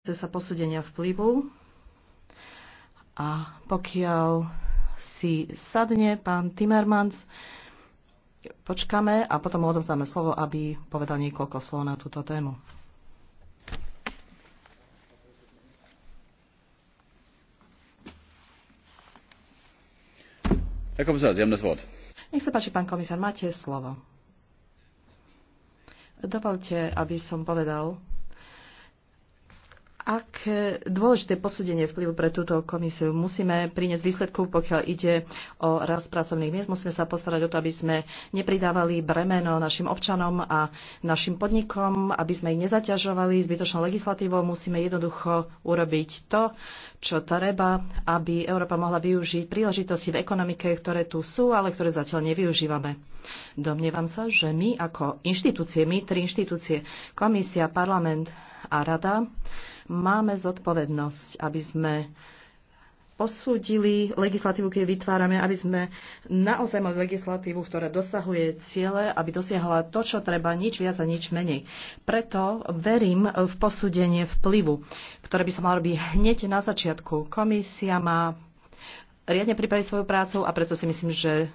sa posúdenia vplyvu a pokiaľ si sadne pán Timmermans, počkáme a potom mu odovzdáme slovo, aby povedal niekoľko slov na túto tému. Nech sa páči, pán komisár, máte slovo. Dovolte, aby som povedal, ak dôležité posúdenie vplyvu pre túto komisiu musíme priniesť výsledkov, pokiaľ ide o rast pracovných miest. Musíme sa postarať o to, aby sme nepridávali bremeno našim občanom a našim podnikom, aby sme ich nezaťažovali zbytočnou legislatívou. Musíme jednoducho urobiť to, čo treba, aby Európa mohla využiť príležitosti v ekonomike, ktoré tu sú, ale ktoré zatiaľ nevyužívame. Domnievam sa, že my ako inštitúcie, my tri inštitúcie, komisia, parlament a rada, Máme zodpovednosť, aby sme posúdili legislatívu, keď vytvárame, aby sme naozaj mali legislatívu, ktorá dosahuje ciele, aby dosiahla to, čo treba, nič viac a nič menej. Preto verím v posúdenie vplyvu, ktoré by sa malo robiť hneď na začiatku. Komisia má riadne pripraviť svoju prácu a preto si myslím, že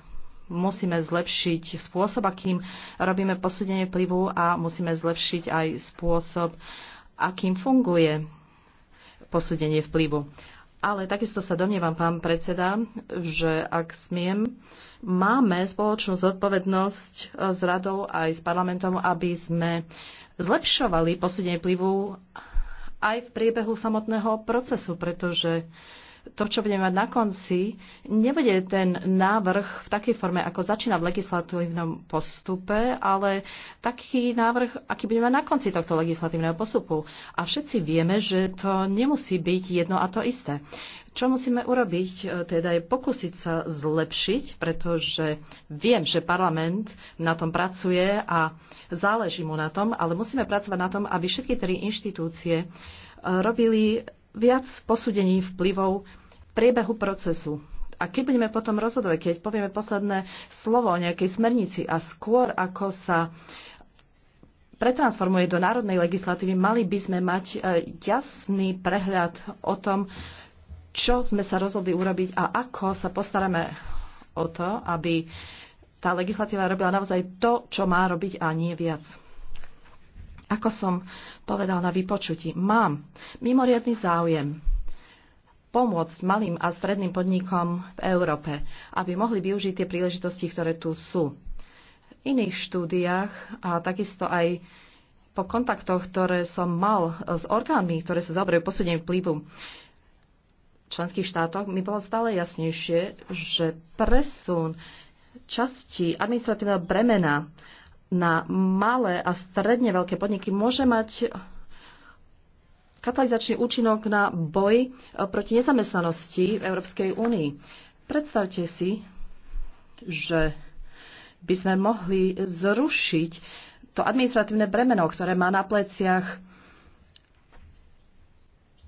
musíme zlepšiť spôsob, akým robíme posúdenie vplyvu a musíme zlepšiť aj spôsob, uh, akým funguje posúdenie vplyvu. Ale takisto sa domnievam, pán predseda, že ak smiem, máme spoločnú zodpovednosť e, s radou aj s parlamentom, aby sme zlepšovali posúdenie vplyvu aj v priebehu samotného procesu, pretože to, čo budeme mať na konci, nebude ten návrh v takej forme, ako začína v legislatívnom postupe, ale taký návrh, aký budeme mať na konci tohto legislatívneho postupu. A všetci vieme, že to nemusí byť jedno a to isté. Čo musíme urobiť, e, teda je pokúsiť sa zlepšiť, pretože viem, že parlament na tom pracuje a záleží mu na tom, ale musíme pracovať na tom, aby všetky tri inštitúcie e, robili viac posúdení vplyvov v priebehu procesu. A keď budeme potom rozhodovať, keď povieme posledné slovo o nejakej smernici a skôr ako sa pretransformuje do národnej legislatívy, mali by sme mať e, jasný prehľad o tom, čo sme sa rozhodli urobiť a ako sa postaráme o to, aby tá legislatíva robila naozaj to, čo má robiť a nie viac. Ako som povedal na vypočutí, mám mimoriadný záujem pomôcť malým a stredným podnikom v Európe, aby mohli využiť tie príležitosti, ktoré tu sú. V iných štúdiách a takisto aj po kontaktoch, ktoré som mal s orgánmi, ktoré sa zaoberajú posúdením vplyvu v členských štátoch, mi bolo stále jasnejšie, že presun časti administratívneho bremena na malé a stredne veľké podniky môže mať katalizačný účinok na boj e, proti nezamestnanosti v Európskej únii. Predstavte si, že by sme mohli zrušiť to administratívne bremeno, ktoré má na pleciach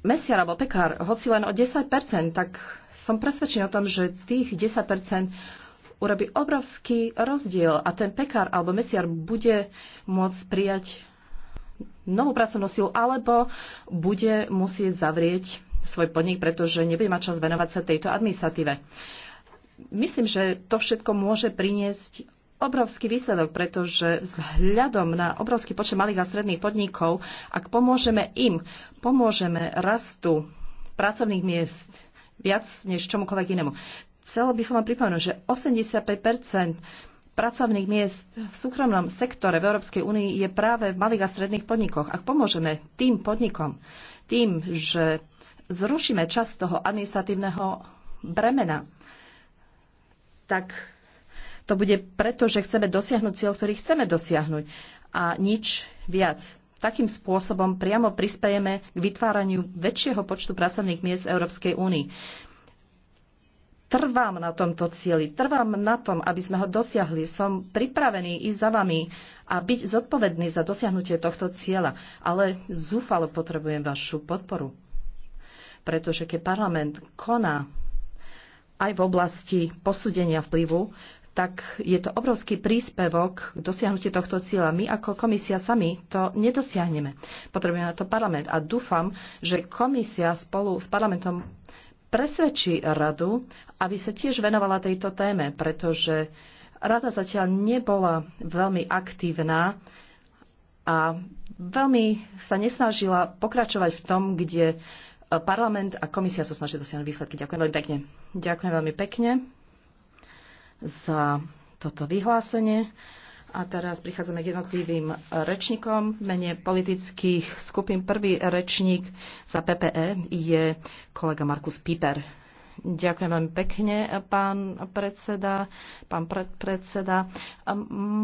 mesiar alebo pekár, hoci len o 10%, tak som presvedčený o tom, že tých 10% urobí obrovský rozdiel a ten pekár alebo mesiar bude môcť prijať novú pracovnú silu alebo bude musieť zavrieť svoj podnik, pretože nebude mať čas venovať sa tejto administratíve. Myslím, že to všetko môže priniesť obrovský výsledok, pretože vzhľadom na obrovský počet malých a stredných podnikov, ak pomôžeme im, pomôžeme rastu pracovných miest viac než čomukoľvek inému. Chcela by som vám pripomenúť, že 85 pracovných miest v súkromnom sektore v Európskej únii je práve v malých a stredných podnikoch. Ak pomôžeme tým podnikom, tým, že zrušíme časť toho administratívneho bremena, tak to bude preto, že chceme dosiahnuť cieľ, ktorý chceme dosiahnuť a nič viac. Takým spôsobom priamo prispejeme k vytváraniu väčšieho počtu pracovných miest v Európskej únii trvám na tomto cieli, trvám na tom, aby sme ho dosiahli. Som pripravený ísť za vami a byť zodpovedný za dosiahnutie tohto cieľa, ale zúfalo potrebujem vašu podporu. Pretože keď parlament koná aj v oblasti posúdenia vplyvu, tak je to obrovský príspevok k dosiahnutiu tohto cieľa. My ako komisia sami to nedosiahneme. Potrebujeme na to parlament a dúfam, že komisia spolu s parlamentom presvedčí radu, aby sa tiež venovala tejto téme, pretože rada zatiaľ nebola veľmi aktívna a veľmi sa nesnažila pokračovať v tom, kde e, parlament a komisia sa snažia dosiahnuť výsledky. Ďakujem veľmi pekne. Ďakujem veľmi pekne za toto vyhlásenie. A teraz prichádzame k jednotlivým rečníkom. V mene politických skupín prvý rečník za PPE je kolega Markus Piper. Ďakujem veľmi pekne, pán predseda, pán predpredseda.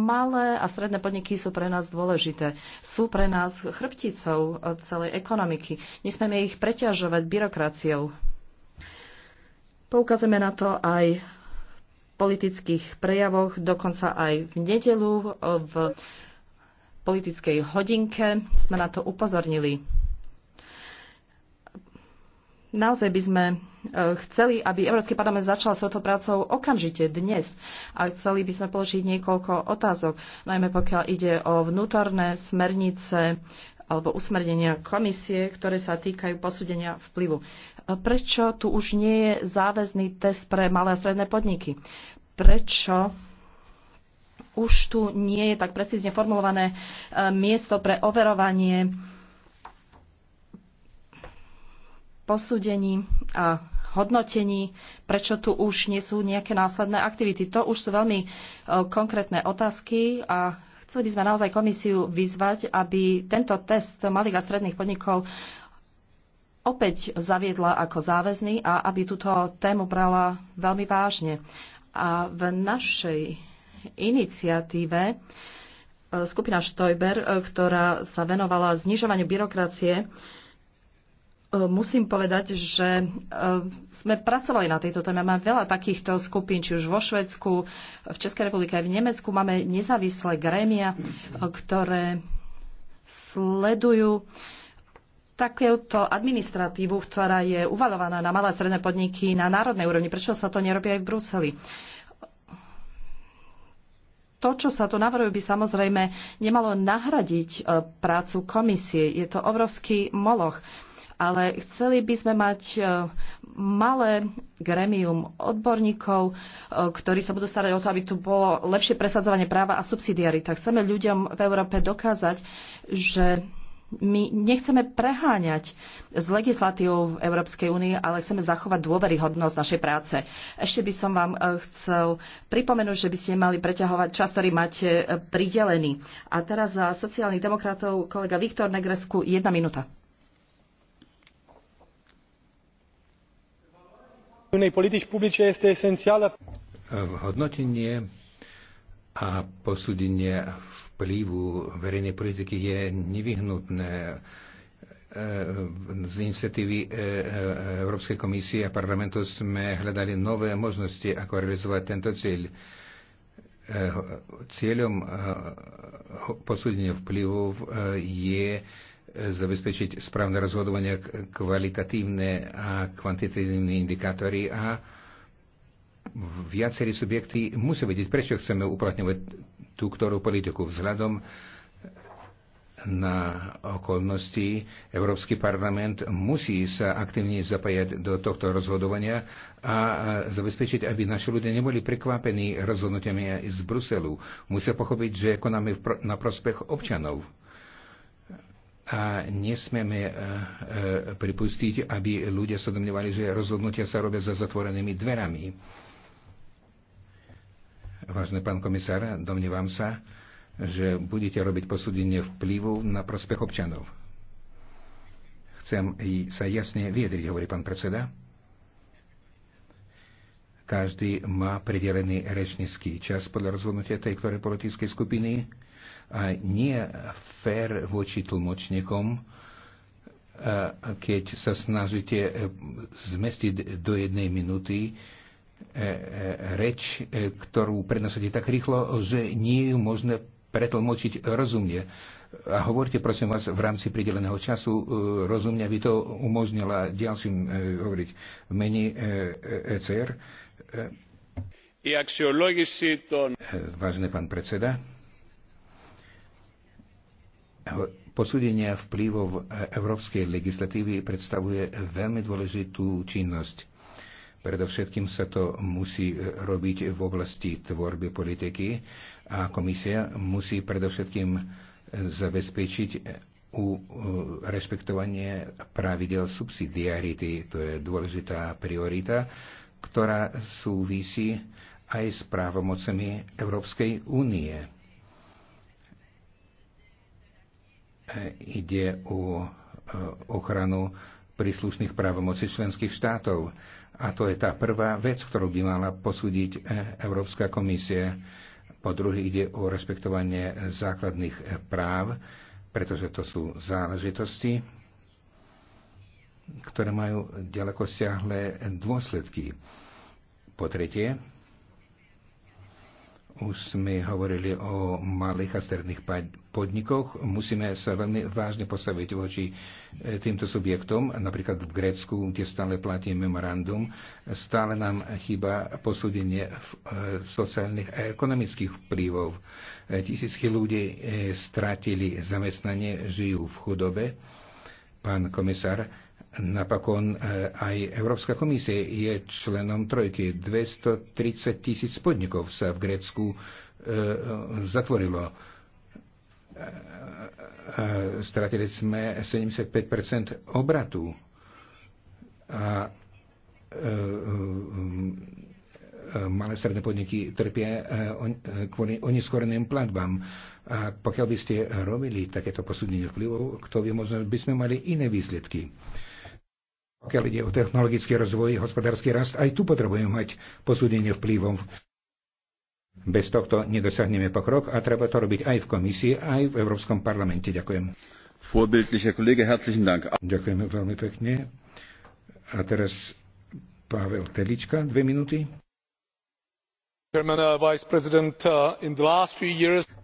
Malé a stredné podniky sú pre nás dôležité. Sú pre nás chrbticou celej ekonomiky. Nesmieme ich preťažovať byrokraciou. Poukazujeme na to aj politických prejavoch, dokonca aj v nedelu v politickej hodinke sme na to upozornili. Naozaj by sme e, chceli, aby Európsky parlament začal svojou prácou okamžite dnes a chceli by sme položiť niekoľko otázok, najmä pokiaľ ide o vnútorné smernice alebo usmernenia komisie, ktoré sa týkajú posúdenia vplyvu. E, prečo tu už nie je záväzný test pre malé a stredné podniky? prečo už tu nie je tak precízne formulované e, miesto pre overovanie posúdení a hodnotení, prečo tu už nie sú nejaké následné aktivity. To už sú veľmi e, konkrétne otázky a chceli by sme naozaj komisiu vyzvať, aby tento test malých a stredných podnikov opäť zaviedla ako záväzný a aby túto tému brala veľmi vážne. A v našej iniciatíve e, skupina Štojber, e, ktorá sa venovala znižovaniu byrokracie, e, musím povedať, že sme pracovali na tejto téme. Máme veľa takýchto skupín, či už vo Švedsku, v Českej republike aj v Nemecku. Máme nezávislé grémia, ktoré sledujú takúto administratívu, ktorá je uvalovaná na malé a stredné podniky na národnej úrovni. Prečo sa to nerobí aj v Bruseli? To, čo sa tu navrhuje, by samozrejme nemalo nahradiť e, prácu komisie. Je to obrovský moloch ale chceli by sme mať e, malé gremium odborníkov, e, ktorí sa budú starať o to, aby tu bolo lepšie presadzovanie práva a subsidiarita. Chceme ľuďom v Európe dokázať, že my nechceme preháňať s legislatívou v Európskej únii, ale chceme zachovať dôveryhodnosť našej práce. Ešte by som vám eh, chcel pripomenúť, že by ste mali preťahovať čas, ktorý máte eh, pridelený. A teraz za sociálnych demokratov kolega Viktor Negresku, jedna minúta. Eh, hodnotenie a posúdenie vplyvu verejnej politiky je nevyhnutné e, z iniciatívy e, e, Európskej komisie a parlamentu sme hľadali nové možnosti, ako realizovať tento cieľ. Cieľom posúdenia vplyvov je zabezpečiť správne rozhodovanie kvalitatívne a kvantitatívne indikátory a viacerí subjekty musia vedieť, prečo chceme uplatňovať tú ktorú politiku. Vzhľadom na okolnosti Európsky parlament musí sa aktívne zapájať do tohto rozhodovania a zabezpečiť, aby naši ľudia neboli prekvapení rozhodnutiami z Bruselu. Musia pochopiť, že konáme na prospech občanov a nesmieme e, e, pripustiť, aby ľudia sa domnievali, že rozhodnutia sa robia za zatvorenými dverami Vážne pán komisár, domnívam sa, že budete robiť posúdenie vplyvu na prospech občanov. Chcem sa jasne vyjadriť, hovorí pán predseda. Každý má pridelený rečnícky čas podľa rozhodnutia tej ktorej politickej skupiny a nie fér voči tlmočníkom, keď sa snažíte zmestiť do jednej minúty E, e, reč, e, ktorú prenosíte tak rýchlo, že nie je možné pretlmočiť rozumne. A hovorte, prosím vás, v rámci prideleného času rozumne, aby to umožnila ďalším hovoriť v mene ECR. Vážne pán predseda, posúdenia vplyvov európskej legislatívy predstavuje veľmi dôležitú činnosť Predovšetkým sa to musí e, robiť v oblasti tvorby politiky a komisia musí predovšetkým e, zabezpečiť e, u rešpektovanie pravidel subsidiarity. To je dôležitá priorita, ktorá súvisí aj s právomocami Európskej únie. Ide o ochranu príslušných právomocí členských štátov a to je tá prvá vec, ktorú by mala posúdiť e, Európska komisia. Po druhé ide o respektovanie základných e, práv, pretože to sú záležitosti, ktoré majú ďaleko siahle dôsledky. Po tretie, už sme hovorili o malých a stredných podnikoch. Musíme sa veľmi vážne postaviť voči e, týmto subjektom. Napríklad v Grécku, kde stále platí memorandum, stále nám chýba posúdenie e, sociálnych a ekonomických vplyvov. E, tisícky ľudí stratili zamestnanie, žijú v chudobe. Pán komisár, Napokon e, aj Európska komisie je členom trojky. 230 tisíc podnikov sa v Grécku e, zatvorilo. E, e, stratili sme 75 obratu. A malé stredné podniky trpia kvôli oneskoreným platbám. A pokiaľ by ste robili takéto posúdenie vplyvov, kto by možno by sme mali iné výsledky. Pokiaľ ide o technologický rozvoj, hospodársky rast, aj tu potrebujeme mať posúdenie vplyvom. Bez tohto nedosiahneme pokrok a treba to robiť aj v komisii, aj v Európskom parlamente. Ďakujem. Kollege, herzlichen Dank. Ďakujem veľmi pekne. A teraz Pavel Telička, dve minúty. Uh, uh,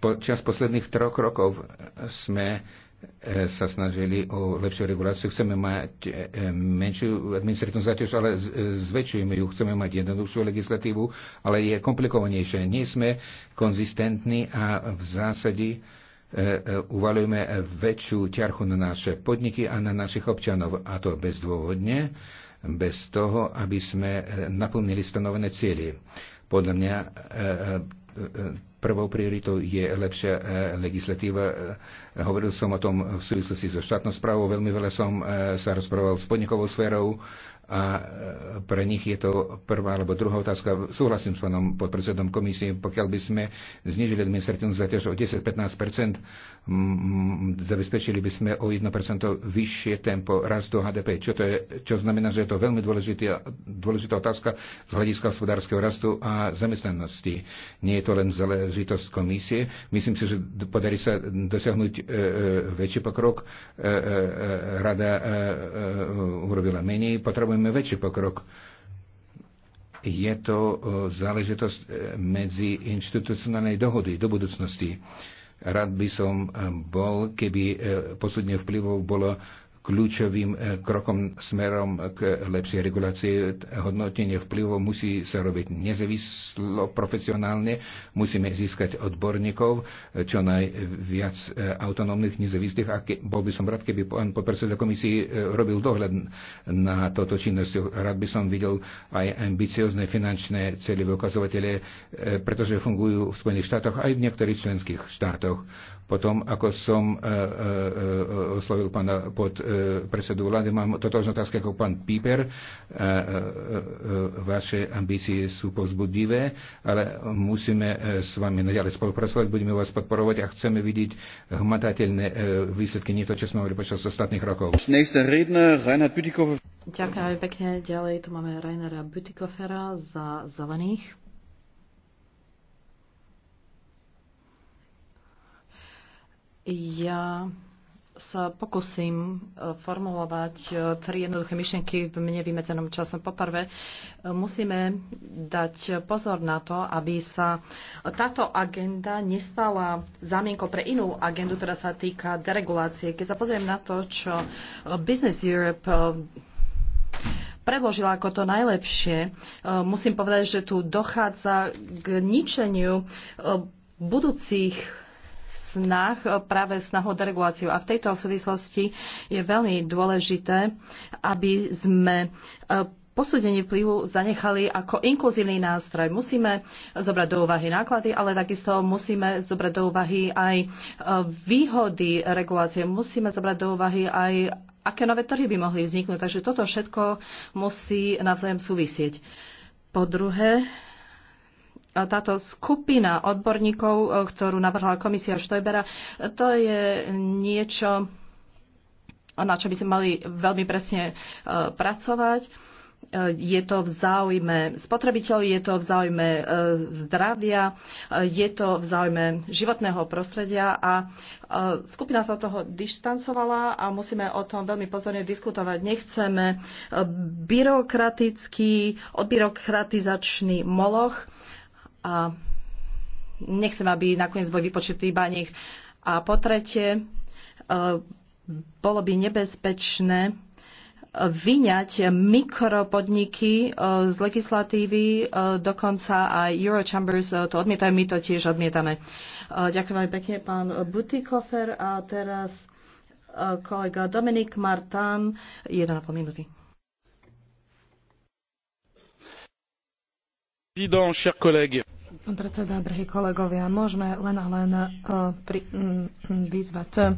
Počas posledných troch rokov sme E, sa snažili o lepšiu reguláciu. Chceme mať e, menšiu administratívnu záťaž, ale e, zväčšujeme ju. Chceme mať jednoduchšiu legislatívu, ale je komplikovanejšie. Nie sme konzistentní a v zásade uvalujeme väčšiu ťarchu na naše podniky a na našich občanov. A to bezdôvodne, bez toho, aby sme naplnili stanovené cieľe. Podľa mňa prvou prioritou je lepšia e, legislatíva. E, hovoril som o tom v súvislosti so štátnou správou, veľmi veľa som e, sa rozprával s podnikovou sférou, a e, pre nich je to prvá alebo druhá otázka. Súhlasím s pánom podpredsedom komisie, pokiaľ by sme znižili administratívnu zaťaž o 10-15%, zabezpečili by sme o 1% vyššie tempo rastu HDP, čo, to je, čo znamená, že je to veľmi dôležitá, dôležitá otázka z hľadiska hospodárskeho rastu a zamestnanosti. Nie je to len záležitosť komisie. Myslím si, že podarí sa dosiahnuť e, e, väčší pokrok. E, e, e rada e, e, urobila menej. Potrebujem dosahujeme väčší pokrok. Je to e, záležitosť e, medzi inštitucionálnej dohody do budúcnosti. Rád by som e, bol, keby posudne vplyvov bolo kľúčovým eh, krokom smerom k lepšej regulácii. Hodnotenie vplyvov musí sa robiť nezávislo, profesionálne. Musíme získať odborníkov, eh, čo najviac eh, autonómnych, nezávislých. A ke, bol by som rád, keby pán podpredseda komisii robil dohľad na toto činnosť. Rád by som videl aj ambiciozne finančné cieľové ukazovatele, pretože fungujú v Spojených štátoch aj v niektorých členských štátoch potom, ako som e, e, e, oslovil pána pod predsedu vlády, mám totožnú otázku ako pán e, Vaše ambície sú povzbudivé, ale musíme s vami naďalej spolupracovať, budeme vás podporovať a chceme vidieť hmatateľné výsledky, nie to, čo sme mali počas ostatných rokov. Ďakujem pekne. Ďalej tu máme Rainera Butikofera za zelených. Ja sa pokúsim e, formulovať e, tri jednoduché myšlienky v mne vymedzenom časom. Poprvé, e, musíme dať pozor na to, aby sa táto agenda nestala zámienkou pre inú agendu, ktorá sa týka deregulácie. Keď sa pozriem na to, čo Business Europe predložila ako to najlepšie, musím povedať, že tu dochádza k ničeniu budúcich snah, eh, práve snah o dereguláciu. A v tejto súvislosti je veľmi dôležité, aby sme eh, posúdenie vplyvu zanechali ako inkluzívny nástroj. Musíme eh, zobrať do úvahy náklady, ale takisto musíme zobrať do úvahy aj výhody regulácie. Musíme zobrať do úvahy aj aké nové trhy by mohli vzniknúť. Takže toto všetko musí navzájom súvisieť. Po druhé, táto skupina odborníkov, e, ktorú navrhla komisia Štojbera, to je niečo, na čo by sme mali veľmi presne e, pracovať. E, je to v záujme spotrebiteľov, je to v záujme zdravia, je to v záujme životného prostredia a skupina sa od toho dištancovala a musíme o tom veľmi pozorne diskutovať. Nechceme byrokratický, odbyrokratizačný moloch, a nechcem, aby nakoniec boli vypočetí iba nich. A po tretie, e, bolo by nebezpečné e, vyňať mikropodniky e, z legislatívy, dokonca aj Eurochambers to odmietajú, my to tiež odmietame. Ďakujem veľmi pekne, pán Butikofer. A teraz kolega Dominik Martán, 1,5 minúty. président chers collègues Pán predseda, drahí kolegovia, môžeme len a len e, pri, vyzvať e,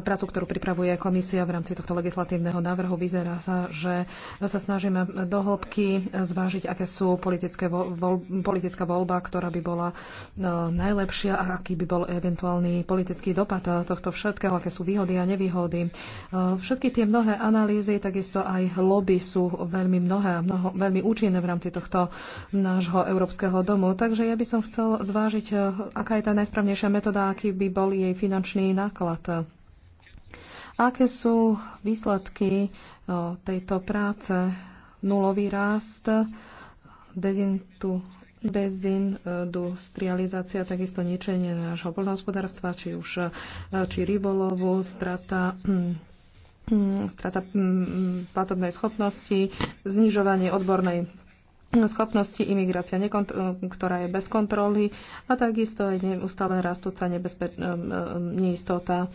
prácu, ktorú pripravuje komisia v rámci tohto legislatívneho návrhu. Vyzerá sa, že sa snažíme do hĺbky zvážiť, aké sú politické voľ, politická voľba, ktorá by bola e, najlepšia a aký by bol eventuálny politický dopad tohto všetkého, aké sú výhody a nevýhody. Všetky tie mnohé analýzy, takisto aj lobby sú veľmi mnohé, a mnoho, veľmi účinné v rámci tohto nášho európskeho svojho domu. Takže ja by som chcel zvážiť, eh, aká je tá najsprávnejšia metóda, aký by bol jej finančný náklad. Aké sú výsledky eh, tejto práce? Nulový rast, dezintu, dezindustrializácia, takisto ničenie nášho poľnohospodárstva, či už eh, či rybolovu, strata hm, hm, strata hm, platobnej schopnosti, znižovanie odbornej schopnosti imigrácia, eh, ktorá je bez kontroly a takisto je neustále rastúca nebezpe- eh, eh, neistota,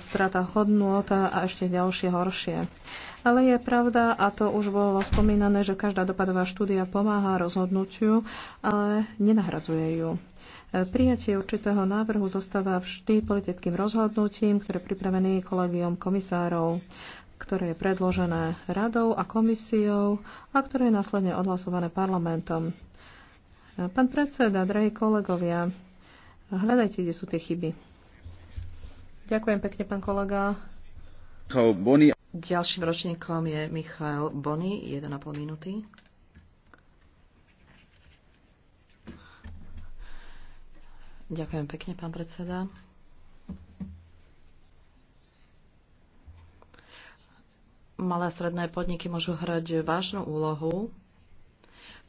strata hodnota a ešte ďalšie horšie. Ale je pravda, a to už bolo spomínané, že každá dopadová štúdia pomáha rozhodnutiu, ale nenahradzuje ju. Prijatie určitého návrhu zostáva vždy politickým rozhodnutím, ktoré je pripravený kolegium komisárov ktoré je predložené radou a komisiou a ktoré je následne odhlasované parlamentom. Pán predseda, drahí kolegovia, hľadajte, kde sú tie chyby. Ďakujem pekne, pán kolega. Boni. Ďalším ročníkom je Michal Bony, 1,5 minúty. Ďakujem pekne, pán predseda. malé a stredné podniky môžu hrať vážnu úlohu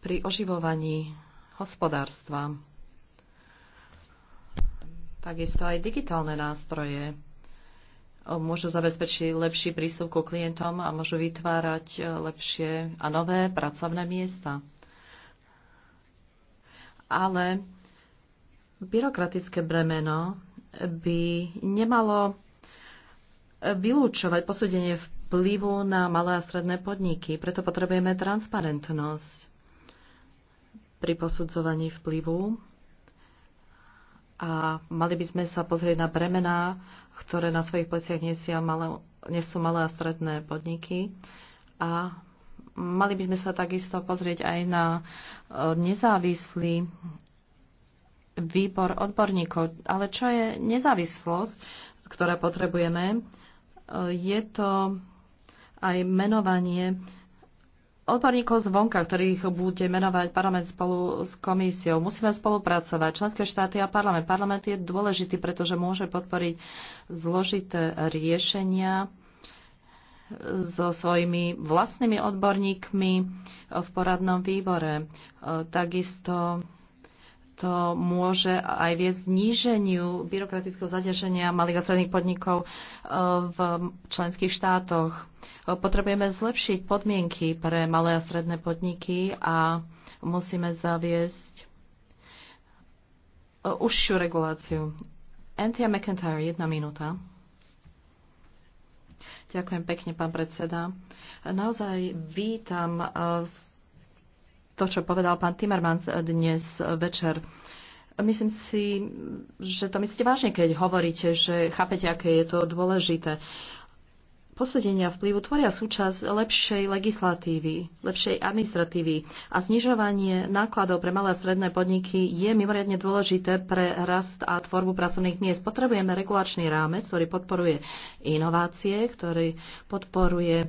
pri oživovaní hospodárstva. Takisto aj digitálne nástroje eh, môžu zabezpečiť lepší prístup ku klientom a môžu vytvárať eh, lepšie a nové pracovné miesta. Ale byrokratické bremeno by nemalo eh, vylúčovať posúdenie v vplyvu na malé a stredné podniky. Preto potrebujeme transparentnosť pri posudzovaní vplyvu a mali by sme sa pozrieť na bremená, ktoré na svojich pleciach nesia malé, nesú malé a stredné podniky a mali by sme sa takisto pozrieť aj na e, nezávislý výbor odborníkov. Ale čo je nezávislosť, ktorá potrebujeme? E, je to aj menovanie odborníkov zvonka, ktorých bude menovať parlament spolu s komisiou. Musíme spolupracovať, členské štáty a parlament. Parlament je dôležitý, pretože môže podporiť zložité riešenia so svojimi vlastnými odborníkmi v poradnom výbore. Takisto to môže aj viesť zníženiu byrokratického zaťaženia malých a stredných podnikov eh, v členských štátoch. Eh, potrebujeme zlepšiť podmienky pre malé a stredné podniky a musíme zaviesť eh, užšiu reguláciu. Antia McIntyre, jedna minúta. Ďakujem pekne, pán predseda. Naozaj vítam to, čo povedal pán Timmermans dnes večer. Myslím si, že to myslíte vážne, keď hovoríte, že chápete, aké je to dôležité. Posúdenia vplyvu tvoria súčasť lepšej legislatívy, lepšej administratívy a znižovanie nákladov pre malé a stredné podniky je mimoriadne dôležité pre rast a tvorbu pracovných miest. Potrebujeme regulačný rámec, ktorý podporuje inovácie, ktorý podporuje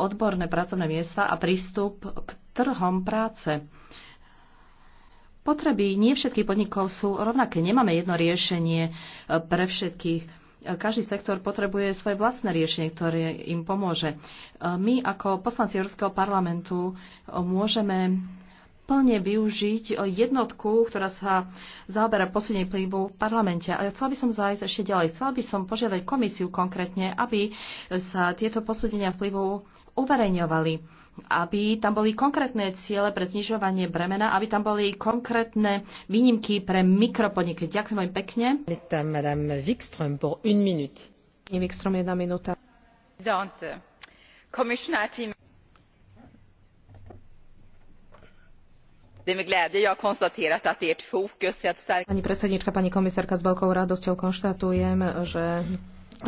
odborné pracovné miesta a prístup k trhom práce. Potreby nie všetkých podnikov sú rovnaké. Nemáme jedno riešenie e, pre všetkých e, každý sektor potrebuje svoje vlastné riešenie, ktoré im pomôže. E, My ako poslanci Európskeho parlamentu môžeme plne využiť jednotku, ktorá sa zaoberá posilnením vplyvu v parlamente. A chcela by som zájsť ešte ďalej. Chcela by som požiadať komisiu konkrétne, aby sa tieto posúdenia vplyvu uverejňovali aby tam boli konkrétne ciele pre znižovanie bremena, aby tam boli konkrétne výnimky pre mikropodniky. Ďakujem veľmi pekne. Madame Wikström 1 minút. Je Wikström, jedna minúta. tým... Pani predsednička, pani komisárka, s veľkou radosťou konštatujem, že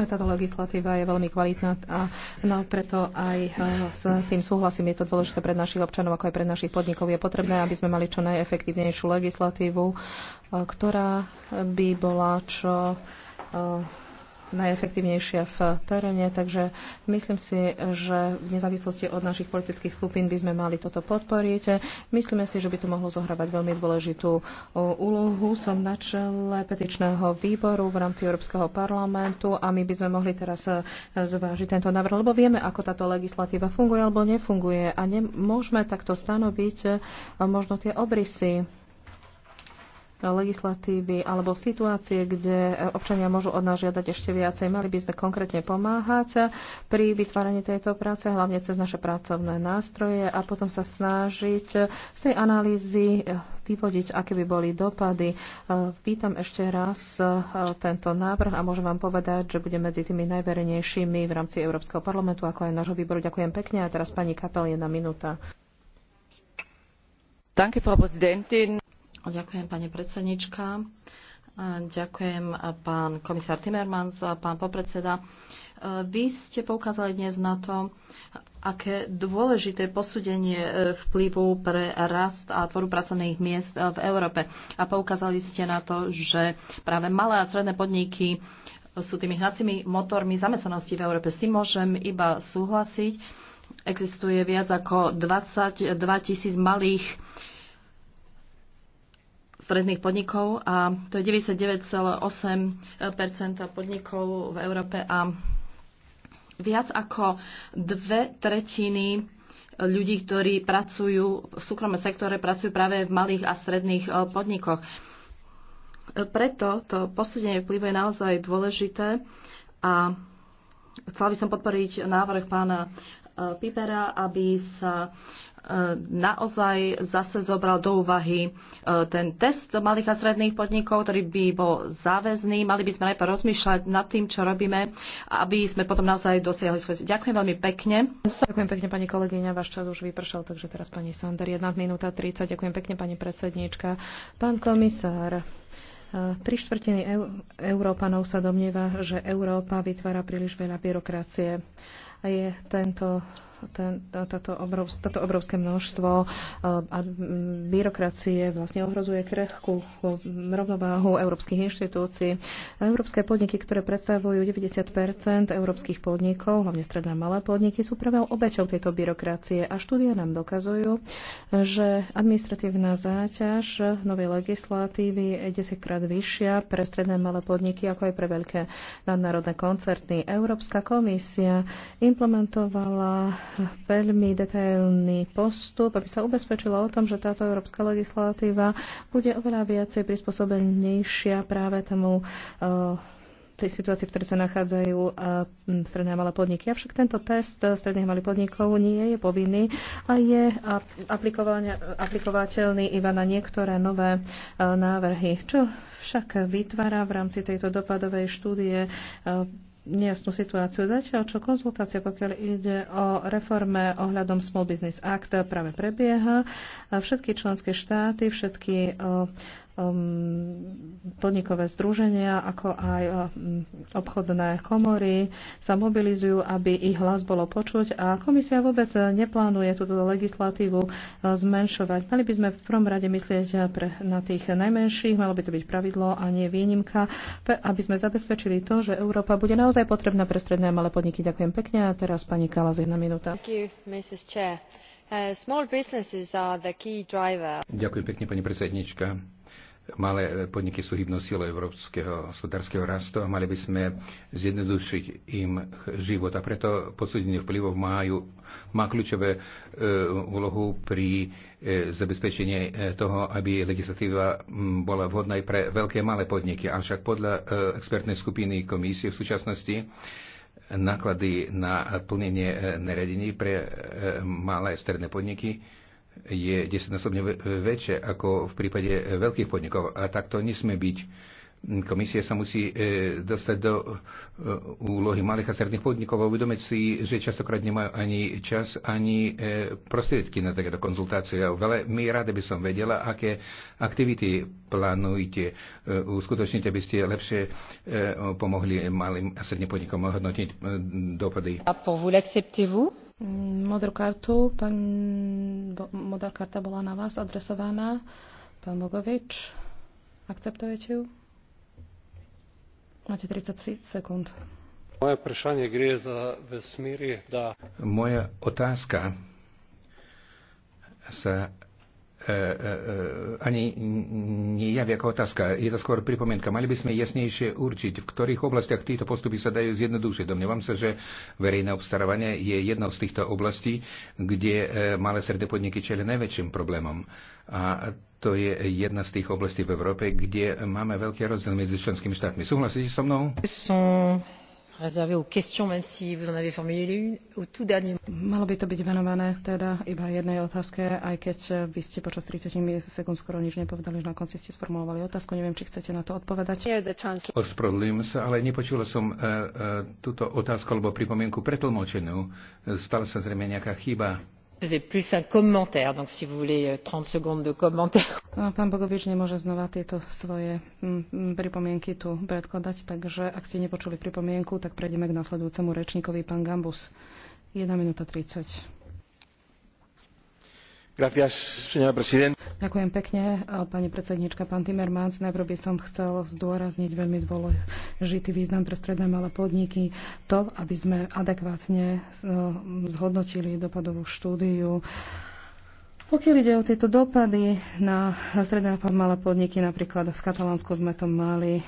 táto legislatíva je veľmi kvalitná a no, preto aj e, s tým súhlasím. Je to dôležité pre našich občanov, ako aj pre našich podnikov. Je potrebné, aby sme mali čo najefektívnejšiu legislatívu, e, ktorá by bola čo e, najefektívnejšia v teréne, takže myslím si, že v nezávislosti od našich politických skupín by sme mali toto podporiť. Myslíme si, že by to mohlo zohrávať veľmi dôležitú úlohu. Som na čele petičného výboru v rámci Európskeho parlamentu a my by sme mohli teraz e, zvážiť tento návrh, lebo vieme, ako táto legislatíva funguje alebo nefunguje a nemôžeme takto stanoviť e, možno tie obrysy legislatívy alebo situácie, kde občania môžu od nás žiadať ešte viacej. Mali by sme konkrétne pomáhať pri vytváraní tejto práce, hlavne cez naše pracovné nástroje a potom sa snažiť z tej analýzy vyvodiť, aké by boli dopady. Vítam ešte raz tento návrh a môžem vám povedať, že budem medzi tými najverejnejšími v rámci Európskeho parlamentu, ako aj nášho výboru. Ďakujem pekne a teraz pani Kapel, jedna minúta. Danke, Frau Präsidentin. Ďakujem, pani predsednička. Ďakujem, pán komisár Timmermans, pán popredseda. E, vy ste poukázali dnes na to, aké dôležité posúdenie e, vplyvu pre rast a tvoru pracovných miest e, v Európe. A poukázali ste na to, že práve malé a stredné podniky sú tými hnacími motormi zamestnanosti v Európe. S tým môžem iba súhlasiť. Existuje viac ako 22 tisíc malých stredných podnikov a to je 99,8 podnikov v Európe a viac ako dve tretiny ľudí, ktorí pracujú v súkromnom sektore, pracujú práve v malých a stredných e, podnikoch. Preto to posúdenie vplyvu je naozaj dôležité a chcela by som podporiť návrh pána e, Pipera, aby sa naozaj zase zobral do úvahy e, ten test malých a stredných podnikov, ktorý by bol záväzný. Mali by sme najprv rozmýšľať nad tým, čo robíme, aby sme potom naozaj dosiahli svoj... Ďakujem veľmi pekne. Ďakujem pekne, pani kolegyňa. Váš čas už vypršal, takže teraz pani Sander, 1 minúta 30. Ďakujem pekne, pani predsednička. Pán komisár, e, Tri štvrtiny Európanov sa domnieva, že Európa vytvára príliš veľa byrokracie. A je tento ten, táto, obrov, táto obrovské množstvo eh, a byrokracie vlastne ohrozuje krehku rovnováhu európskych inštitúcií. Európske podniky, ktoré predstavujú 90 európskych podnikov, hlavne stredné a malé podniky, sú prvou obeťou tejto byrokracie a štúdie nám dokazujú, že administratívna záťaž novej legislatívy je 10 krát vyššia pre stredné a malé podniky ako aj pre veľké nadnárodné koncerty. Európska komisia implementovala veľmi detailný postup, aby sa ubezpečilo o tom, že táto európska legislatíva bude oveľa viacej prispôsobenejšia práve tomu eh, tej situácii, v ktorej sa nachádzajú eh, stredné a malé podniky. Avšak tento test stredných a malých podnikov nie je povinný a je aplikovateľný iba na niektoré nové eh, návrhy, čo však vytvára v rámci tejto dopadovej štúdie nejasnú situáciu. Zatiaľ, čo konzultácia, pokiaľ ide o reforme ohľadom Small Business Act, práve prebieha, všetky členské štáty, všetky Um, podnikové združenia, ako aj um, obchodné komory sa mobilizujú, aby ich hlas bolo počuť a komisia vôbec neplánuje túto legislatívu uh, zmenšovať. Mali by sme v prvom rade myslieť uh, pre, na tých najmenších, malo by to byť pravidlo a nie výnimka, aby sme zabezpečili to, že Európa bude naozaj potrebná pre stredné a malé podniky. Ďakujem pekne a teraz pani Kalas, jedna minúta. Uh, Ďakujem pekne, pani predsednička Malé podniky sú hybnou silou európskeho hospodárskeho rastu a mali by sme zjednodušiť im život. A preto posúdenie vplyvov majú, má kľúčové e, úlohu pri e, zabezpečení e, toho, aby legislatíva bola vhodná aj pre veľké malé podniky. Avšak podľa e, expertnej skupiny komisie v súčasnosti náklady na plnenie e, neredení pre e, malé a stredné podniky je desaťnásobne väčšie ako v prípade e, veľkých podnikov. A tak to nesme byť. Komisia sa musí e, dostať do e, úlohy malých a stredných podnikov a uvedomiť si, že častokrát nemajú ani čas, ani prostriedky na takéto konzultácie. Veľa my rada by som vedela, aké aktivity plánujete uskutočniť, aby ste lepšie pomohli malým a stredným podnikom hodnotiť dopady. A po vous lacceptez Modrú kartu, pán, bo, modrá karta bola na vás adresovaná. Pán Bogovič, akceptujete ju? Máte 30 sekúnd. Moje prešanie grie za v da... Moja otázka sa E, e, e, ani nejavia ako otázka. Je to skôr pripomienka. Mali by sme jasnejšie určiť, v ktorých oblastiach títo postupy sa dajú zjednodušiť. Domnievam sa, že verejné obstarávanie je jednou z týchto oblastí, kde malé sredné podniky čelia najväčším problémom. A to je jedna z tých oblastí v Európe, kde máme veľký rozdiel medzi členskými štátmi. Súhlasíte so mnou? Som réservé aux questions, même si vous en avez formulé une au tout dernier Malo by to byť venované teda iba jednej otázke, aj keď eh, vy ste počas 30 sekúnd skoro nič nepovedali, že na konci ste sformulovali otázku. Neviem, či chcete na to odpovedať. Ospravedlím sa, ale nepočula som e, e, túto otázku alebo pripomienku pretlmočenú. Stala sa zrejme nejaká chyba faisait plus un commentaire, donc si vous voulez 30 euh, secondes de commentaire. Pán Bogovič nemôže znova tieto svoje pripomienky tu predkladať, takže ak ste nepočuli pripomienku, tak prejdeme k nasledujúcemu rečníkovi, pán Gambus. 1 minúta 30. Ďakujem pekne, pani predsednička, pán Timmermans. Najprv by som chcel zdôrazniť veľmi dôležitý význam pre stredné malé podniky. To, aby sme adekvátne eh, zhodnotili dopadovú štúdiu pokiaľ ide o tieto dopady na stredná a podniky, napríklad v Katalánsku sme to mali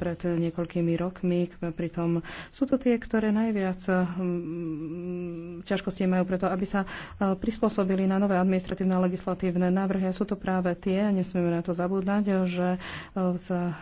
pred niekoľkými rokmi, pritom sú to tie, ktoré najviac mm, ťažkosti majú preto, aby sa prispôsobili na nové administratívne a legislatívne návrhy. A sú to práve tie, nesmieme na to zabúdať, že sa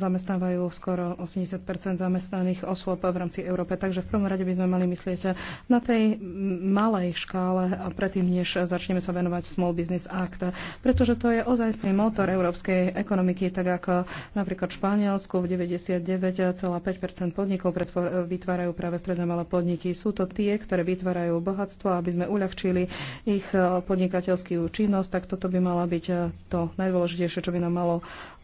zamestnávajú skoro 80 zamestnaných osôb v rámci Európe. Takže v prvom rade by sme mali myslieť na tej malej škále a predtým, než začne musíme sa venovať Small Business Act, pretože to je ozajstný motor európskej ekonomiky, tak ako napríklad v Španielsku v 99,5 podnikov vytvárajú práve stredné malé podniky. Sú to tie, ktoré vytvárajú bohatstvo, aby sme uľahčili ich eh, podnikateľskú činnosť, tak toto by mala byť eh, to najdôležitejšie, čo by nám malo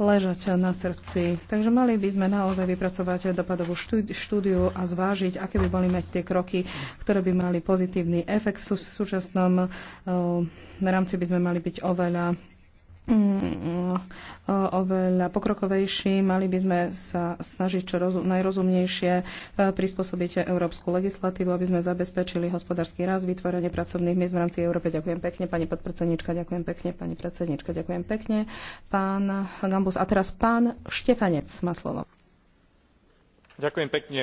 ležať na srdci. Takže mali by sme naozaj vypracovať dopadovú štúdiu a zvážiť, aké by boli mať tie kroky, ktoré by mali pozitívny efekt v súčasnom eh, rámci by sme mali byť oveľa mm, mm, oveľa pokrokovejší. Mali by sme sa snažiť čo rozum, najrozumnejšie eh, prispôsobiť európsku legislatívu, aby sme zabezpečili hospodársky rast, vytvorenie pracovných miest v rámci Európy. Ďakujem pekne, pani podpredsednička, ďakujem pekne, pani predsednička, ďakujem pekne. Pán Gambus, a teraz pán Štefanec má slovo. Ďakujem pekne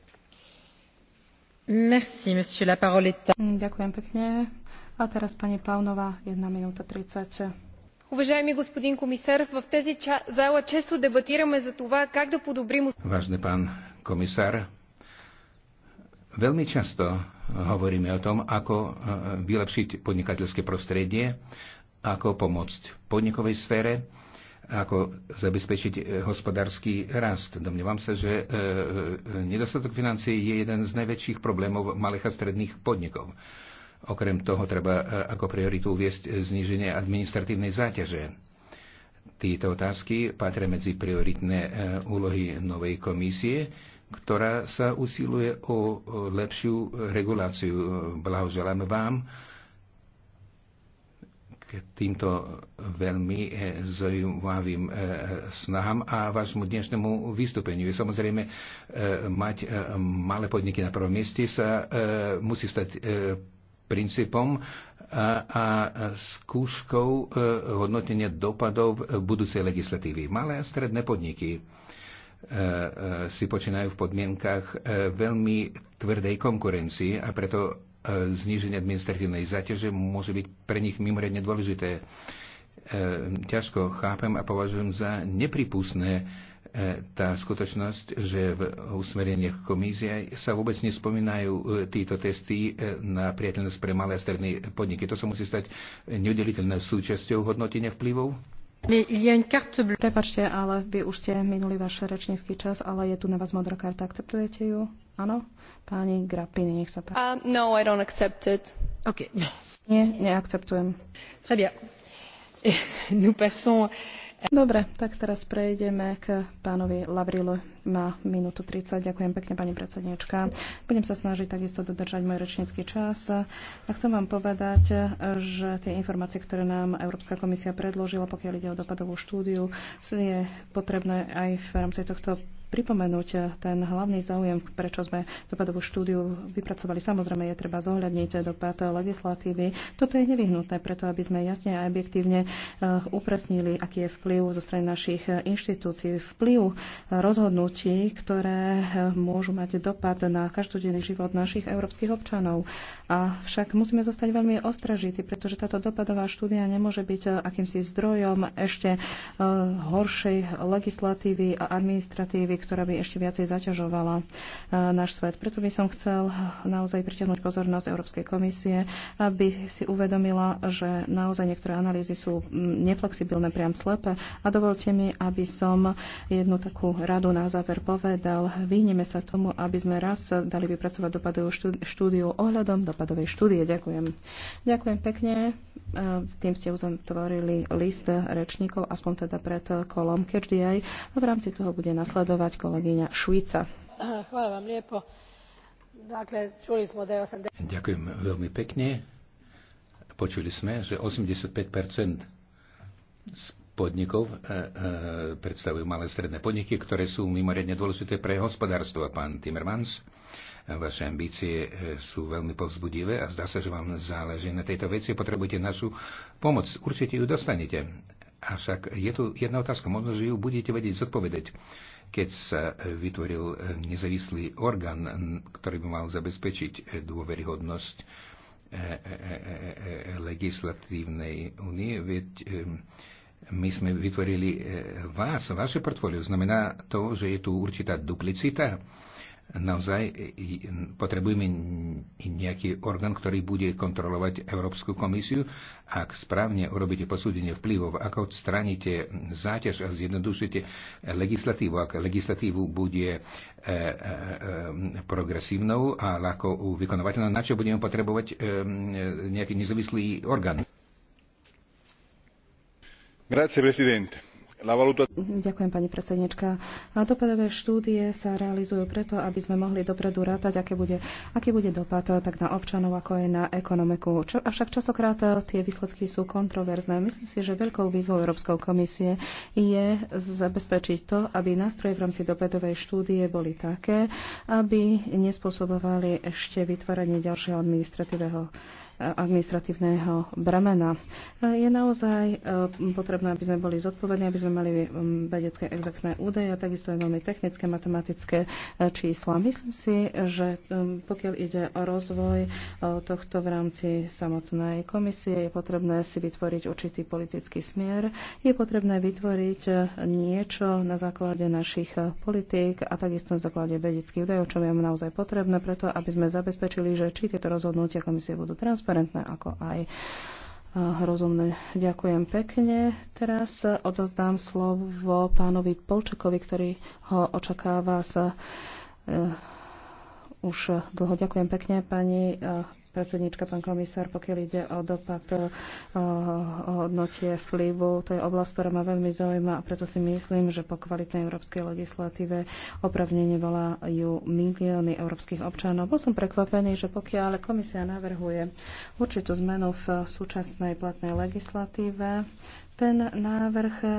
Merci, monsieur, la parole est... Mm, ďakujem pekne. A teraz pani Paunová, 1 minúta 30 уважаеми господин комисар в тази зала често дебатираме за това как да подобрим Важный пан комисар, veľmi často hovoríme o tom, ako vylepšiť podnikateľské prostredie, ako pomôcť podnikovej sfére, ako zabezpečiť e, hospodársky rast. Domnievam sa, že e, e, nedostatok financií je jeden z najväčších problémov malých a stredných podnikov. Okrem toho treba ako prioritu uviesť zníženie administratívnej záťaže. Tieto otázky patria medzi prioritné úlohy novej komisie, ktorá sa usiluje o lepšiu reguláciu. Blahoželám vám k týmto e, veľmi e, zaujímavým e, snahám a vášmu dnešnému vystúpeniu. Samozrejme, mať malé podniky na prvom mieste sa musí stať princípom a skúškou hodnotenia dopadov budúcej legislatívy. Malé a stredné podniky si počínajú v podmienkach veľmi tvrdej konkurencii a preto E, zníženie administratívnej záťaže môže byť pre nich mimoriadne dôležité. E, ťažko chápem a považujem za nepripustné e, tá skutočnosť, že v usmereniach Komízie sa vôbec nespomínajú títo testy na priateľnosť pre malé a stredné podniky. To sa musí stať neudeliteľnou súčasťou hodnotenia vplyvov? Prepačte, ale vy už ste minuli váš rečnícky čas, ale je tu na vás modrá karta. Akceptujete ju? Áno? Páni Grappini, nech sa páči. Uh, no, I don't accept it. OK. Nie, neakceptujem. Très bien. Eh, nous passons Dobre, tak teraz prejdeme k pánovi Lavrilo. Má minútu 30. Ďakujem pekne, pani predsednička. Budem sa snažiť takisto dodržať môj rečnícky čas. A chcem vám povedať, že tie informácie, ktoré nám Európska komisia predložila, pokiaľ ide o dopadovú štúdiu, sú je potrebné aj v rámci tohto pripomenúť eh, ten hlavný záujem, prečo sme dopadovú štúdiu vypracovali. Samozrejme je treba zohľadniť dopad legislatívy. Toto je nevyhnutné preto, aby sme jasne a objektívne eh, upresnili, aký je vplyv zo strany našich eh, inštitúcií. Vplyv rozhodnutí, ktoré môžu mať dopad na každodenný život našich európskych občanov. A však musíme zostať veľmi ostražití, pretože táto dopadová štúdia nemôže byť akýmsi zdrojom ešte horšej legislatívy a administratívy, ktorá by ešte viacej zaťažovala e, náš svet. Preto by som chcel naozaj pritiahnuť pozornosť Európskej komisie, aby si uvedomila, že naozaj niektoré analýzy sú neflexibilné, priam slepe. A dovolte mi, aby som jednu takú radu na záver povedal. Vyhneme sa tomu, aby sme raz dali vypracovať dopadovú štúdiu ohľadom dopadovej štúdie. Ďakujem. Ďakujem pekne. E, tým ste uzatvorili list rečníkov, aspoň teda pred kolom KHDI. V rámci toho bude nasledovať pokračovať kolegyňa Šujica. Ďakujem veľmi pekne. Počuli sme, že 85 z podnikov e, e, predstavujú malé stredné podniky, ktoré sú mimoriadne dôležité pre hospodárstvo. Pán Timmermans, vaše ambície e, sú veľmi povzbudivé a zdá sa, že vám záleží na tejto veci. Potrebujete našu pomoc. Určite ju dostanete. Avšak je tu jedna otázka, možno, že ju budete vedieť zodpovedať. Keď sa vytvoril nezávislý orgán, ktorý by mal zabezpečiť dôveryhodnosť e, e, e, legislatívnej únie, veď my sme vytvorili vás, vaše portfólio. Znamená to, že je tu určitá duplicita? naozaj potrebujeme nejaký orgán, ktorý bude kontrolovať Európsku komisiu. Ak správne urobíte posúdenie vplyvov, ako odstránite záťaž a zjednodušite legislatívu, ak legislatívu bude e, e, e, progresívnou a ľahko vykonovateľnou, na čo budeme potrebovať e, nejaký nezávislý orgán? Grazie, presidente Mhm, ďakujem, pani predsednička. Dopadové štúdie sa realizujú preto, aby sme mohli dopredu rátať, aké bude, aký bude dopad eh, tak na občanov, ako aj na ekonomiku. Čo, avšak častokrát eh, tie výsledky sú kontroverzné. Myslím si, že veľkou výzvou Európskej komisie je zabezpečiť to, aby nástroje v rámci dopadovej štúdie boli také, aby nespôsobovali ešte vytváranie ďalšieho administratívneho administratívneho bremena. Je naozaj e, potrebné, aby sme boli zodpovední, aby sme mali vedecké exaktné údaje a takisto aj veľmi technické, matematické e, čísla. Myslím si, že e, pokiaľ ide o rozvoj tohto v rámci samotnej komisie, je potrebné si vytvoriť určitý politický smier, je potrebné vytvoriť niečo na základe našich politík a takisto na základe vedeckých údajov, čo je naozaj potrebné preto, aby sme zabezpečili, že či tieto rozhodnutia komisie budú transparentné, transparentné, ako aj e, rozumné. Ďakujem pekne. Teraz odozdám slovo pánovi Polčekovi, ktorý ho očakáva sa e, už dlho. Ďakujem pekne, pani e, predsednička, pán komisár, pokiaľ ide o dopad o, hodnotie vplyvu. To je oblasť, ktorá ma veľmi zaujíma a preto si myslím, že po kvalitnej európskej legislatíve opravnenie volajú milióny európskych občanov. Bol som prekvapený, že pokiaľ komisia navrhuje určitú zmenu v súčasnej platnej legislatíve, ten návrh eh,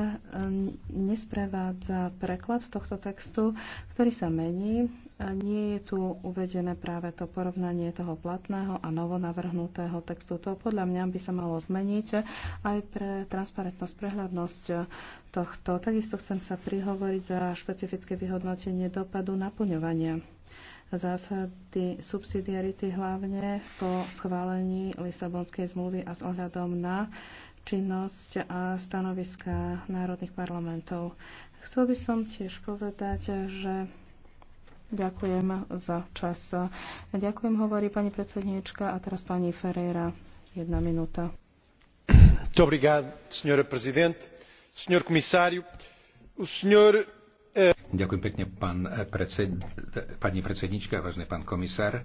nesprevádza preklad tohto textu, ktorý sa mení. Nie je tu uvedené práve to porovnanie toho platného a novonavrhnutého textu. To podľa mňa by sa malo zmeniť aj pre transparentnosť, prehľadnosť tohto. Takisto chcem sa prihovoriť za špecifické vyhodnotenie dopadu naplňovania zásady subsidiarity hlavne po schválení Lisabonskej zmluvy a s ohľadom na činnosť a stanoviska národných parlamentov. Chcel by som tiež povedať, že ďakujem za čas. Ďakujem, hovorí pani predsedníčka a teraz pani Ferreira. Jedna minúta. Eh, ďakujem pekne, pán eh, predsed, eh, pani predsednička, vážny pán komisár.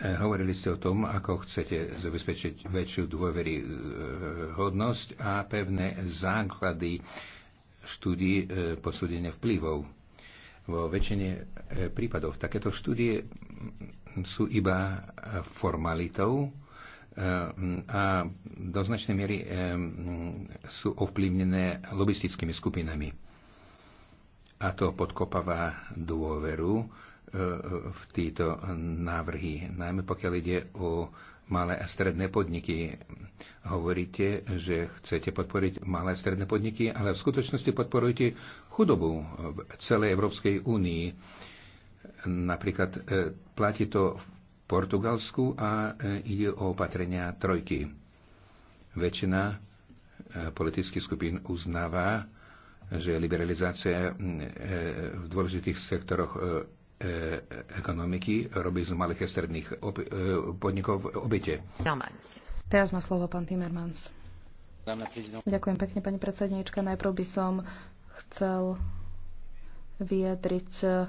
Hovorili ste o tom, ako chcete zabezpečiť väčšiu dôveryhodnosť e, a pevné základy štúdí e, posúdenia vplyvov. Vo väčšine e, prípadov takéto štúdie sú iba formalitou a do značnej miery sú ovplyvnené lobistickými skupinami. A to podkopáva dôveru v tieto návrhy, najmä pokiaľ ide o malé a stredné podniky. Hovoríte, že chcete podporiť malé a stredné podniky, ale v skutočnosti podporujete chudobu v celej Európskej únii. Napríklad e, platí to v Portugalsku a e, ide o opatrenia trojky. Väčšina e, politických skupín uznáva, že liberalizácia v dôležitých sektoroch Eh, ekonomiky robí z malých a stredných eh, podnikov obete. Teraz má slovo pán Timmermans. Ďakujem pekne, pani predsedníčka. Najprv by som chcel vyjadriť eh,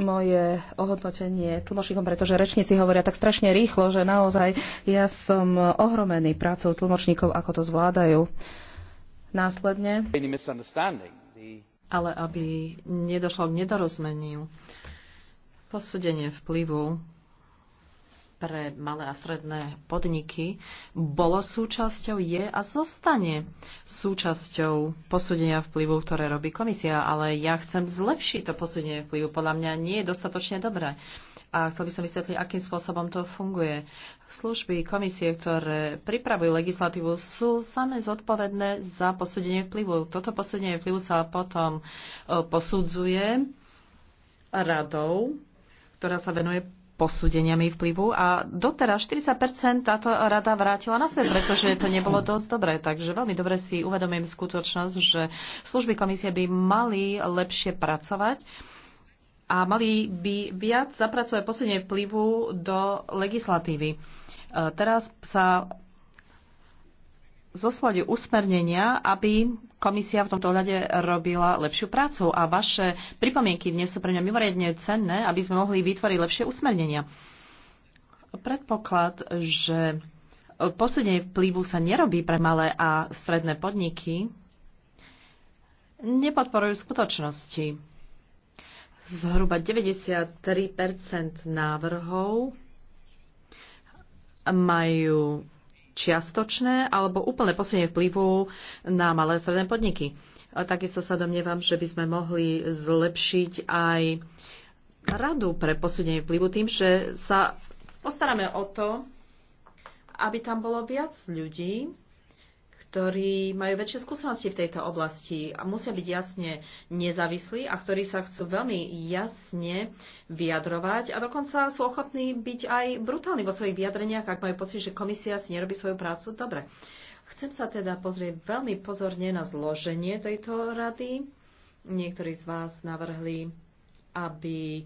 moje ohodnotenie tlmočníkom, pretože rečníci hovoria tak strašne rýchlo, že naozaj ja som ohromený prácou tlmočníkov, ako to zvládajú. Následne ale aby nedošlo k nedorozmeniu. Posúdenie vplyvu pre malé a stredné podniky bolo súčasťou, je a zostane súčasťou posúdenia vplyvu, ktoré robí komisia, ale ja chcem zlepšiť to posúdenie vplyvu. Podľa mňa nie je dostatočne dobré a chcel by som vysvetliť, akým spôsobom to funguje. Služby komisie, ktoré pripravujú legislatívu, sú same zodpovedné za posúdenie vplyvu. Toto posúdenie vplyvu sa potom e, posudzuje radou, ktorá sa venuje posúdeniami vplyvu a doteraz 40% táto rada vrátila na svet, pretože to nebolo dosť dobré. Takže veľmi dobre si uvedomujem skutočnosť, že služby komisie by mali lepšie pracovať a mali by viac zapracovať posledenie vplyvu do legislatívy. E, teraz sa zoslali usmernenia, aby komisia v tomto hľade robila lepšiu prácu a vaše pripomienky dnes sú pre mňa mimoriadne cenné, aby sme mohli vytvoriť lepšie usmernenia. Predpoklad, že posúdenie vplyvu sa nerobí pre malé a stredné podniky, nepodporujú skutočnosti Zhruba 93 návrhov majú čiastočné alebo úplné posunie vplyvu na malé a stredné podniky. A takisto sa domnievam, že by sme mohli zlepšiť aj radu pre posúdenie vplyvu tým, že sa postaráme o to, aby tam bolo viac ľudí, ktorí majú väčšie skúsenosti v tejto oblasti a musia byť jasne nezávislí a ktorí sa chcú veľmi jasne vyjadrovať a dokonca sú ochotní byť aj brutálni vo svojich vyjadreniach, ak majú pocit, že komisia si nerobí svoju prácu dobre. Chcem sa teda pozrieť veľmi pozorne na zloženie tejto rady. Niektorí z vás navrhli, aby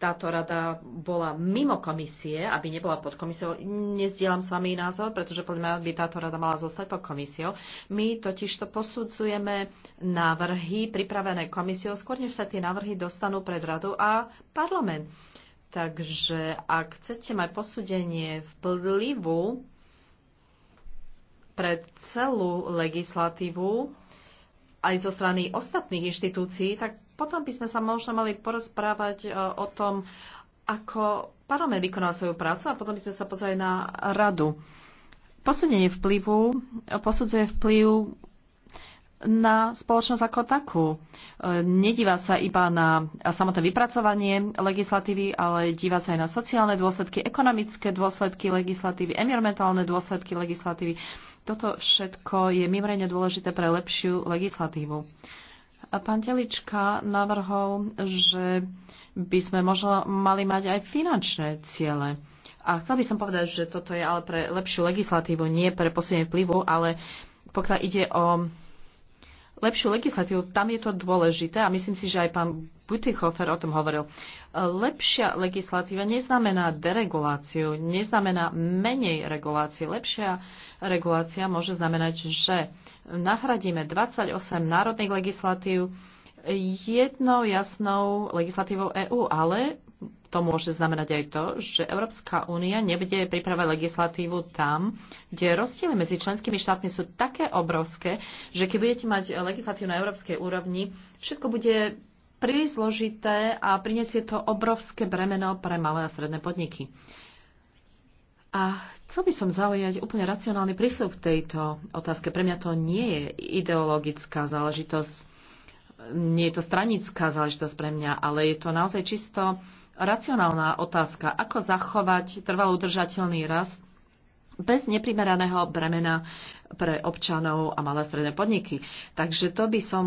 táto rada bola mimo komisie, aby nebola pod komisiou. Nezdielam s vami názor, pretože podľa mňa by táto rada mala zostať pod komisiou. My totiž to posudzujeme návrhy pripravené komisiou, skôr než sa tie návrhy dostanú pred radu a parlament. Takže ak chcete mať posúdenie vplyvu pre celú legislatívu, aj zo strany ostatných inštitúcií, tak potom by sme sa možno mali porozprávať e, o tom, ako parlament vykonal svoju prácu a potom by sme sa pozreli na radu. Posúdenie vplyvu e, posudzuje vplyv na spoločnosť ako takú. E, nedíva sa iba na samotné vypracovanie legislatívy, ale díva sa aj na sociálne dôsledky, ekonomické dôsledky legislatívy, environmentálne dôsledky legislatívy toto všetko je mimoriadne dôležité pre lepšiu legislatívu. A pán Telička navrhol, že by sme možno mali mať aj finančné ciele. A chcel by som povedať, že toto je ale pre lepšiu legislatívu, nie pre posilnenie vplyvu, ale pokiaľ ide o lepšiu legislatívu, tam je to dôležité a myslím si, že aj pán Butichofer o tom hovoril. Lepšia legislatíva neznamená dereguláciu, neznamená menej regulácie. Lepšia regulácia môže znamenať, že nahradíme 28 národných legislatív jednou jasnou legislatívou EÚ, ale to môže znamenať aj to, že Európska únia nebude pripravať legislatívu tam, kde rozdiely medzi členskými štátmi sú také obrovské, že keď budete mať legislatívu na európskej úrovni, všetko bude príliš zložité a prinesie to obrovské bremeno pre malé a stredné podniky. A chcel by som zaujať úplne racionálny prístup k tejto otázke. Pre mňa to nie je ideologická záležitosť, nie je to stranická záležitosť pre mňa, ale je to naozaj čisto racionálna otázka, ako zachovať trvalo udržateľný rast bez neprimeraného bremena pre občanov a malé stredné podniky. Takže to by som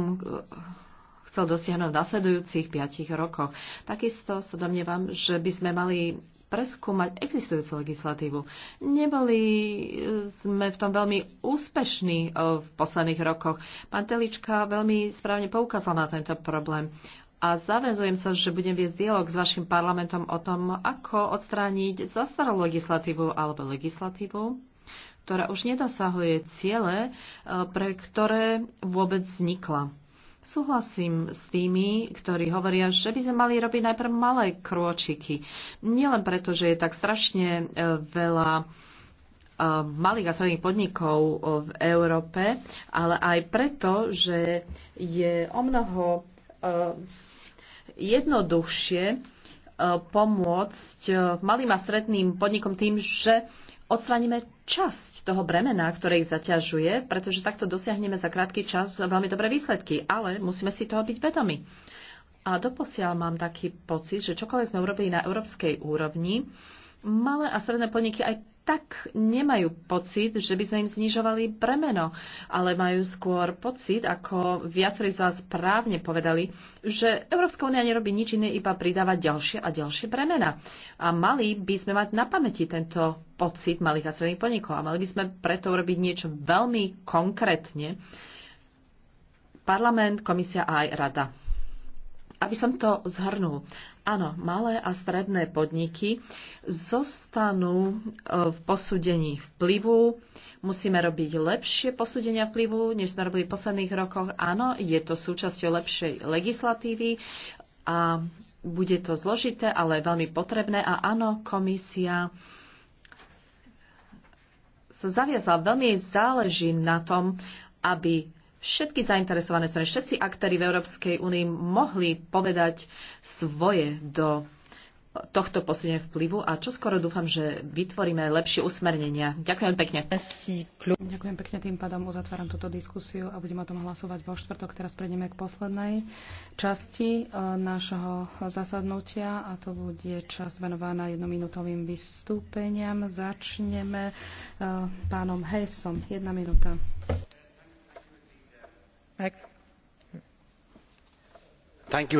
chcel dosiahnuť v nasledujúcich 5 rokoch. Takisto sa domnievam, že by sme mali preskúmať existujúcu legislatívu. Neboli eh, sme v tom veľmi úspešní eh, v posledných rokoch. Pán Telička veľmi správne poukázal na tento problém. A zavezujem sa, že budem viesť dialog s vašim parlamentom o tom, ako odstrániť zastaralú legislatívu alebo legislatívu, ktorá už nedosahuje ciele, eh, pre ktoré vôbec vznikla. Súhlasím s tými, ktorí hovoria, že by sme mali robiť najprv malé krôčiky. Nielen preto, že je tak strašne e, veľa e, malých a stredných podnikov e, v Európe, ale aj preto, že je o mnoho jednoduchšie pomôcť malým a stredným podnikom tým, že odstraníme časť toho bremena, ktoré ich zaťažuje, pretože takto dosiahneme za krátky čas veľmi dobré výsledky, ale musíme si toho byť vedomi. A doposiaľ mám taký pocit, že čokoľvek sme urobili na európskej úrovni, malé a stredné podniky aj tak nemajú pocit, že by sme im znižovali bremeno, ale majú skôr pocit, ako viacerí z vás právne povedali, že Európska únia nerobí nič iné, iba pridáva ďalšie a ďalšie bremena. A mali by sme mať na pamäti tento pocit malých a stredných podnikov a mali by sme preto urobiť niečo veľmi konkrétne. Parlament, komisia a aj rada. Aby som to zhrnul, Áno, malé a stredné podniky zostanú e, v posúdení vplyvu. Musíme robiť lepšie posúdenia vplyvu, než sme robili v posledných rokoch. Áno, je to súčasťou lepšej legislatívy a bude to zložité, ale veľmi potrebné. A áno, komisia sa zaviazala, veľmi záleží na tom, aby všetky zainteresované strany, všetci aktéry v Európskej únii mohli povedať svoje do tohto posledne vplyvu a čo skoro dúfam, že vytvoríme lepšie usmernenia. Ďakujem pekne. Ďakujem pekne, tým pádom uzatváram túto diskusiu a budeme o tom hlasovať vo štvrtok. Teraz prejdeme k poslednej časti eh, nášho zasadnutia a to bude čas venovaná jednominútovým vystúpeniam. Začneme eh, pánom Hejsom. Jedna minúta thank you very much for the question.